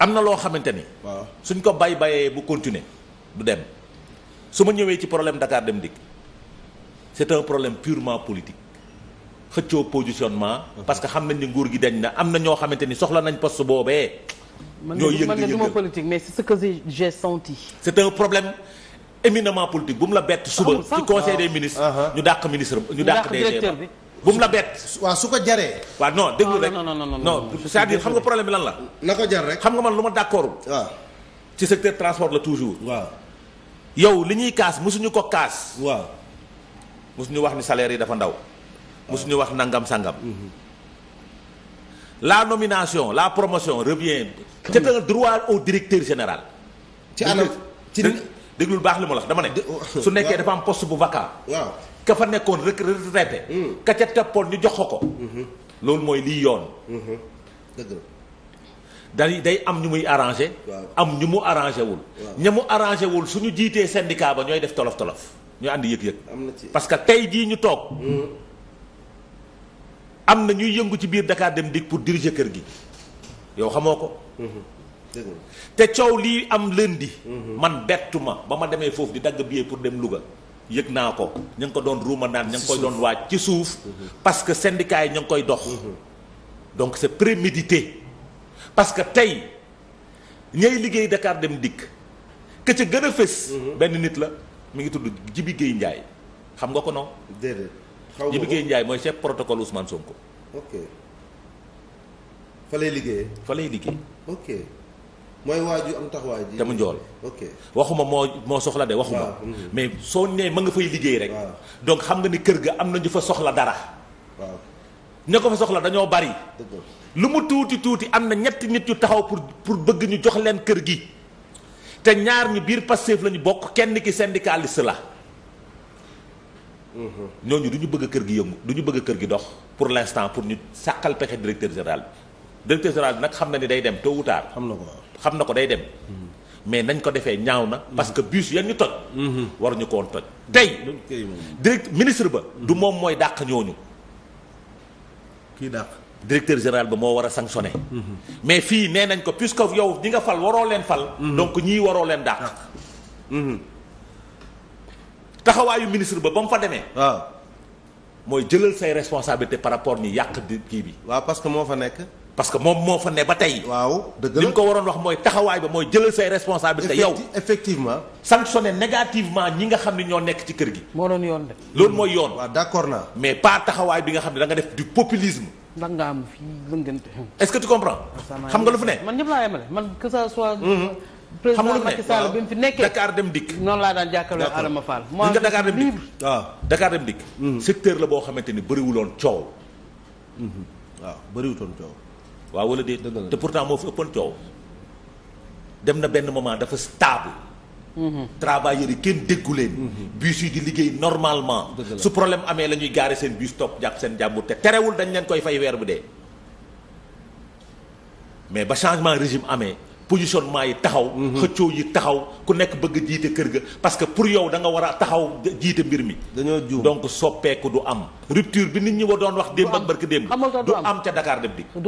am na loo xamante ni. waaw suñ ko bay bayee bu continuer du dem su ma ñëwee ci problème Dakar dem dikk c'est un problème purement politique xëccoo positionnement. Mhm. parce que xam nañ ni nguur gi dañ na am na ñoo xamante ni soxla nañ poste boobee. ñoo yëngu man duma politique mais c'est ce que j'ai senti. c'est un problème éminemment politique bu mu la bett suba. ci conseil des ministres. Uh-huh. ñu dàq ministre ñu dàq DG ba bu mu la bett. waaw su ko jaree. waa waaw non déglu ah, rek non non non non c'est-à-dire xam nga problème bi lan la. na ko jar rek. xam nga man lu ma d'accord. waaw ci secteur transport la toujours. waaw yow li ñuy kaas mosuñu ko kaas. waaw mosuñu wax ni salaire yi dafa ndaw. mosuñu wax nangam sangam. la nomination la promotion revient. c'est un droit au directeur général. ci anam déglul baax li ma la dama ne. su nekkee dafa am poste bu vacant. ka fa nekkoon rek retraité. Hmm. ka ca teppoon ñu jox ko ko. Mm-hmm. loolu mooy liy yoon. Mm-hmm. day day am ñu muy arrangé. am ñu mu arrangé wul. ña mu arrangé wul su ñu jiitee syndicat ba ñooy def tolof tolof ñooy àndi yëg-yëg. am na ci parce que tey jii ñu toog. Mm-hmm. am na ñuy yëngu ci biir dakaa dem dik pour diriger kër gi yow xamoo ko. te coow lii am lundi. Mhm. man bettu ma ba ma demee foofu di dagg billet pour dem Louga. yëg naa ko ñu ko doon ruuma naan ñu koy doon waaj ci suuf. Mhm. parce que syndicat yi ñu ngi koy dox. Mhm. donc c'est prémédité. parce que tey ñay liggéey Dakar dem dikk. ka ca gën a fës. benn nit la mu ngi tudd Jibi Guèye Ndiaye xam nga ko non. déedéet xaw Jibi Guèye Ndiaye mooy chef protocole Ousmane Sonko. ok fa lay liggéeyee. fa lay liggéey. mooy waaju am taxawaay ji te mu njool. waxuma moo moo soxla de waxuma. mais soo nee ma nga fay liggéey rek. donc xam nga ni kër ga am na ñu fa soxla dara. waaw ña ko fa soxla dañoo bari. lu mu tuuti tuuti am na ñett nit yu taxaw pour pour bëgg ñu jox leen kër gi. te ñaar ñu biir Pastef la bokk kenn ki syndicaliste la. Mhm. ñooñu du ñu bëgg kër gi yëngu du ñu bëgg kër gi dox pour l'instant pour ñu sàqal pexe directeur général bi. directeur général nag xam na ni day dem tôt ou tard. xam na ko xam na ko day dem. mais nañ ko defee ñaaw na. parce que bus yan ñu toj. waruñu ko woon toj. tey ministre ba. du moom mooy dàq ñooñu. kii dàq. directeur général ba moo war a sanctionné. mais fii nee nañ ko puisque yow ñi nga fal waroo leen fal. donc ñii waroo leen dàq. taxawaayu ministre ba ba mu fa demee. mooy jëlal say responsabilité par rapport ni yàq di kii bi. waaw parce que moo fa nekk. parce que moom moo fa ne ba tey. waaw dëgg li mu ko waroon wax mooy taxawaay ba mooy jëlal say responsabilité yow effectivement. sanctionné négativement ñi nga xam ne ñoo nekk ci kër gi. moo doon yoon loolu mooy yoon. waaw d'accord naa. mais pas taxawaay bi xam ne da def du populisme. ndax nga am fii lëngante. est-ce que tu comprends. xam nga lu fi ne. man ñëpp laa yemale man que ça soit. Mhm. président Macky Sall bi mu dem dikk. noon laa daan jàkkaarloo Adama Fall. moo nga Dakar dem dikk waaw ah. Dakar dem mhm. secteur la boo xamante ni bëriwuloon coow. waaw mhm. ah, bëriwutoon coow. waaw wala déet te pourtant moo fi ëppoon coow dem na benn moment dafa stable mhm. travailleurs yi kenn déggu leen mhm. bus yi di liggéey normalement su problème amee la ñuy gaare seen bus topp jàpp seen jàmbur te terewul dañ leen koy fay weer bu dee mais ba changement régime amee positionnement yi taxaw mhm. xëccoo yi taxaw ku nekk bëgg jiite kër ga parce que pour yow da nga war a taxaw jiite mbir mi dañoo juum donc soppeeku du am rupture bi nit ñi wa doon wax démb ak barki démb du am ca Dakar dem